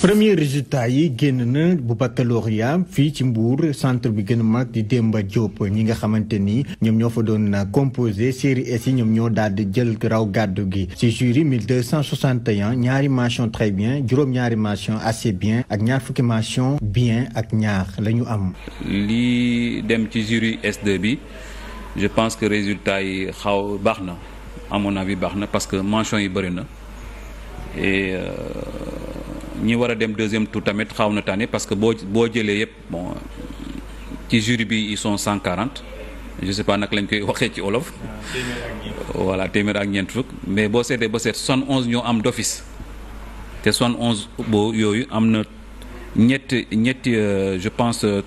premier résultat yi génn na bu baccalauréat fii ci Mbour centre bi gën mag di Demba Diop ñi nga xamante ni ñoom ñoo fa doon composé série S yi ñoom ñoo daal di jël raw gàddu gi ci jury 1261 ñaari mention très bien juróom-ñaari mention assez bien ak ñaar fukki mention bien ak ñaar lañu am. lii dem ci jury s bi je pense que résultat yi xaw baax na à mon avis baax na parce que mention yi bëri na et. Euh, ñi war a dem deuxième tour tamit xaw na tane parce que boo boo jëlee yëpp bon ci jury bi ils sont cent quarante je sais pas nag lañ koy waxee ci olof. voilà téeméer ak ñeent fukk mais boo seetee ba seet soixante onze ñoo am d'office te soixante onze boo yooyu am na ñetti ñetti euh, je pense euh,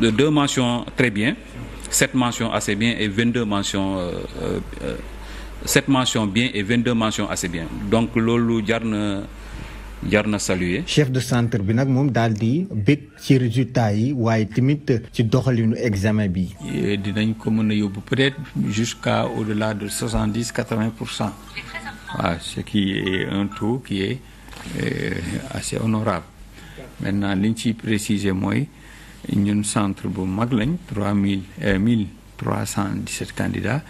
deux mentions très bien sept mentions assez bien et vingt deux mentions euh, sept mentions bien et vingt deux mentions assez bien donc loolu jar na. jar na saluer. chef de centre bi nag moom daal di bég ci résultat yi waaye tamit ci doxalinu examen bi. dinañ ko mën a yóbbu peut-être jusqu'à au-delà de soixante dix quatre vingt pour cent waa ce qui est un taux qui est euh, assez honorable maintenant liñ ciy préciser mooy ñun centre bu mag lañ trois cent dix-sept candidats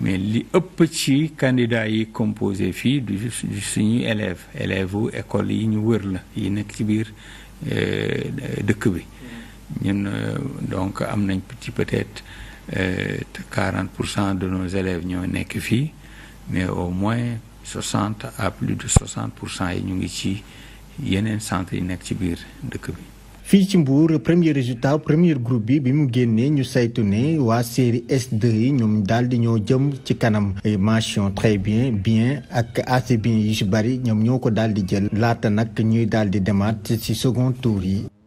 mais li ëpp ci candidats yi composé fii du suñuy élèves élèves u école yi ñu wër la yi nekk ci biir euh, dëkk bi ñun euh, donc am nañ petit peut-être euh, quarante pour cent de nos élèves ñoo nekk fii mais au moins soixante à plus de soixante pour cent yi ñu ngi ci yeneen centre yi nekk ci biir dëkk bi fii ci Mbour premier résultat premier groupe bi bi mu génnee ñu saytu ne waa série sd yi ñoom daal di ñoo jëm ci kanam mention très bien bien ak assez yi yu si bëri ñoom ñoo ko daal di jël laata nag ñuy daal di demaat ci second tour yi